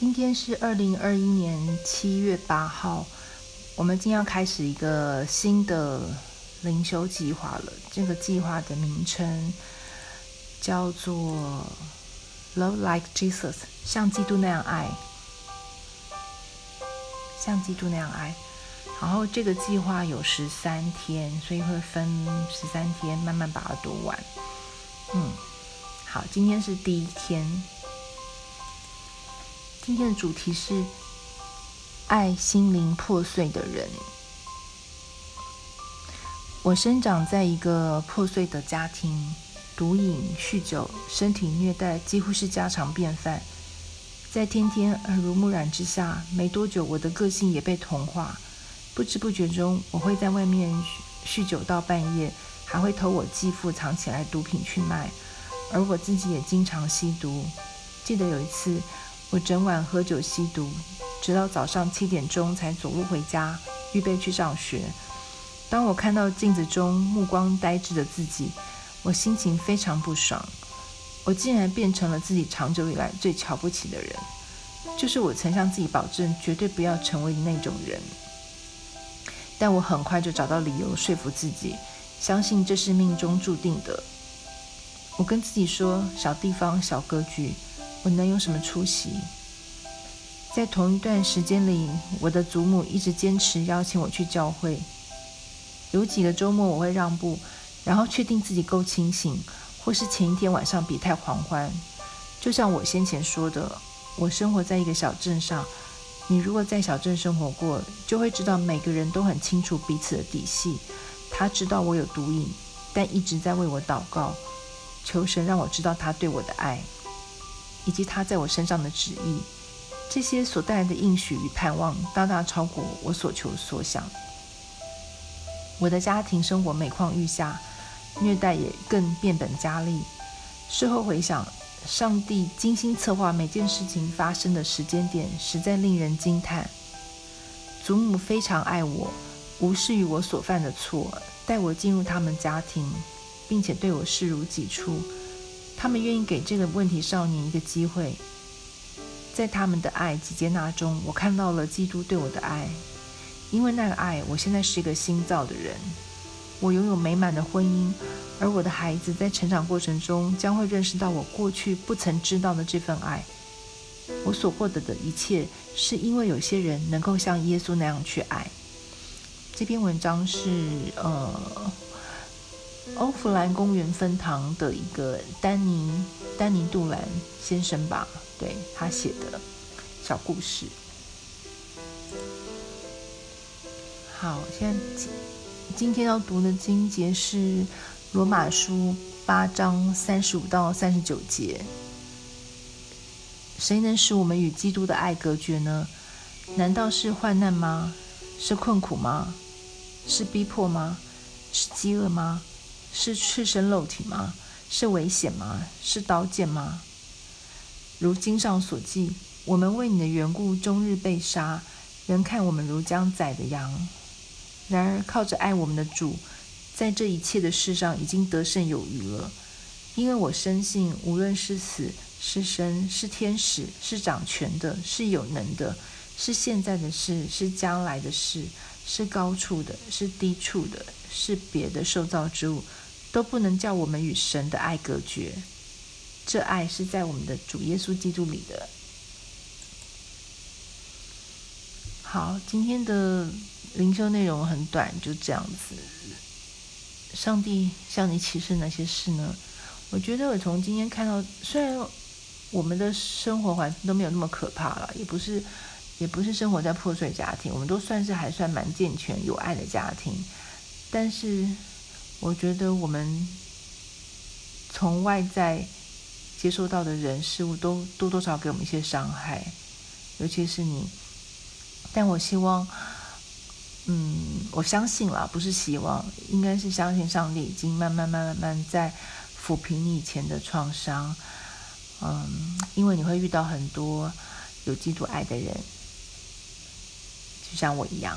今天是二零二一年七月八號，我們今天要開始一個新的靈修計劃了。這個計劃的名稱叫做 “Love Like Jesus”，像基督那樣愛，像基督那樣愛。然後這個計劃有十三天，所以會分十三天慢慢把它讀完。嗯，好，今天是第一天。今天的主題是愛心靈破碎的人。我生長在一個破碎的家庭，毒癮、酗酒、身體虐待幾乎是家常便飯。在天天耳濡目染之下，沒多久我的個性也被同化。不知不覺中，我會在外面酗酒到半夜，還會偷我繼父藏起來的毒品去賣，而我自己也經常吸毒。記得有一次。我整晚喝酒吸毒，直到早上七點鐘才走路回家，預備去上學。當我看到鏡子中目光呆滯的自己，我心情非常不爽。我竟然變成了自己長久以來最瞧不起的人，就是我曾向自己保證絕對不要成為的那種人。但我很快就找到理由說服自己，相信這是命中注定的。我跟自己說：“小地方，小格局。”我能有什麼出息？在同一段時間裡，我的祖母一直堅持邀請我去教會。有幾個週末我會讓步，然後確定自己夠清醒，或是前一天晚上別太狂歡。就像我先前說的，我生活在一個小鎮上。你如果在小鎮生活過，就會知道每個人都很清楚彼此的底細。她知道我有毒癮，但一直在為我禱告，求神讓我知道祂對我的愛。以及他在我身上的旨意，這些所帶來的應許與盼望大大超過我所求所想。我的家庭生活每況愈下，虐待也更變本加厲。事後回想，上帝精心策劃每件事情發生的時間點，實在令人驚嘆。祖母非常愛我，無視於我所犯的錯，帶我進入他們家庭，並且對我視如己出。他們願意給這個問題少年一個機會，在他們的愛及接納中，我看到了基督對我的愛。因為那個愛，我現在是一個新造的人，我擁有美滿的婚姻，而我的孩子在成長過程中將會認識到我過去不曾知道的這份愛。我所獲得的一切，是因為有些人能夠像耶穌那樣去愛。這篇文章是呃。歐弗蘭公園分堂的一個丹尼，丹尼杜蘭先生吧，對他寫的小故事。好，現在今天要讀的經節是羅馬書八章三十五到三十九節。誰能使我們與基督的愛隔絕呢？難道是患難嗎？是困苦嗎？是逼迫嗎？是飢餓嗎？是赤身露體嗎？是危險嗎？是刀劍嗎？如經上所記，我們為你的緣故，終日被殺，人看我們如將宰的羊。然而靠着愛我們的主，在這一切的事上已經得勝有餘了。因為我深信，無論是死是生，是天使是掌權的，是有能的，是現在的事是將來的事，是高處的，是低處的。是別的受造之物，都不能叫我們與神的愛隔絕。這愛是在我們的主耶穌基督裡的。好，今天的靈修內容很短，就這樣子。上帝向你啟示哪些事呢？我覺得我從今天看到，雖然我們的生活環境都沒有那麼可怕了，也不是，也不是生活在破碎家庭，我們都算是還算蠻健全、有愛的家庭。但是，我覺得我們從外在接收到的人事物都多多少給我們一些傷害，尤其是你。但我希望，嗯，我相信啦，不是希望，應該是相信上帝已經慢慢、慢慢、慢慢在撫平你以前的創傷。嗯，因為你會遇到很多有基督愛的人，就像我一樣。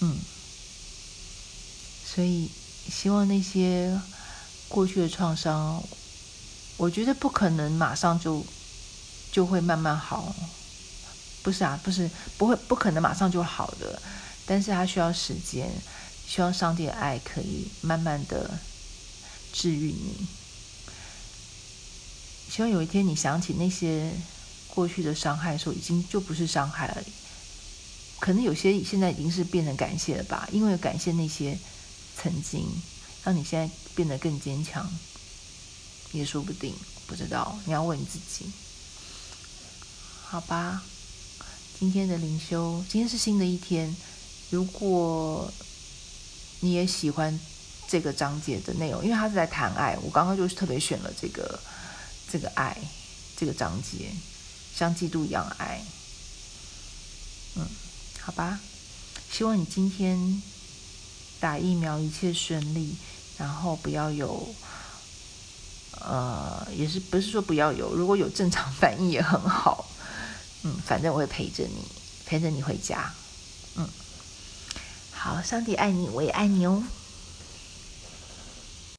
嗯。所以，希望那些過去的創傷，我覺得不可能馬上就就會慢慢好，不是啊，不是，不會，不可能馬上就好的，但是它需要時間，希望上帝的愛可以慢慢的治癒你。希望有一天你想起那些過去的傷害的時候，已經就不是傷害了，可能有些現在已經是變成感謝了吧，因為感謝那些。曾經讓你現在變得更堅強，也說不定。不知道，你要問你自己。好吧，今天的靈修，今天是新的一天。如果你也喜歡這個章節的內容，因為他是在談愛，我剛剛就是特別選了這個這個愛這個章節，像基督一樣愛。嗯，好吧，希望你今天。打疫苗一切順利，然後不要有，呃，也是不是說不要有，如果有正常反應也很好，嗯，反正我會陪着你，陪着你回家，嗯，好，上帝愛你，我也愛你哦。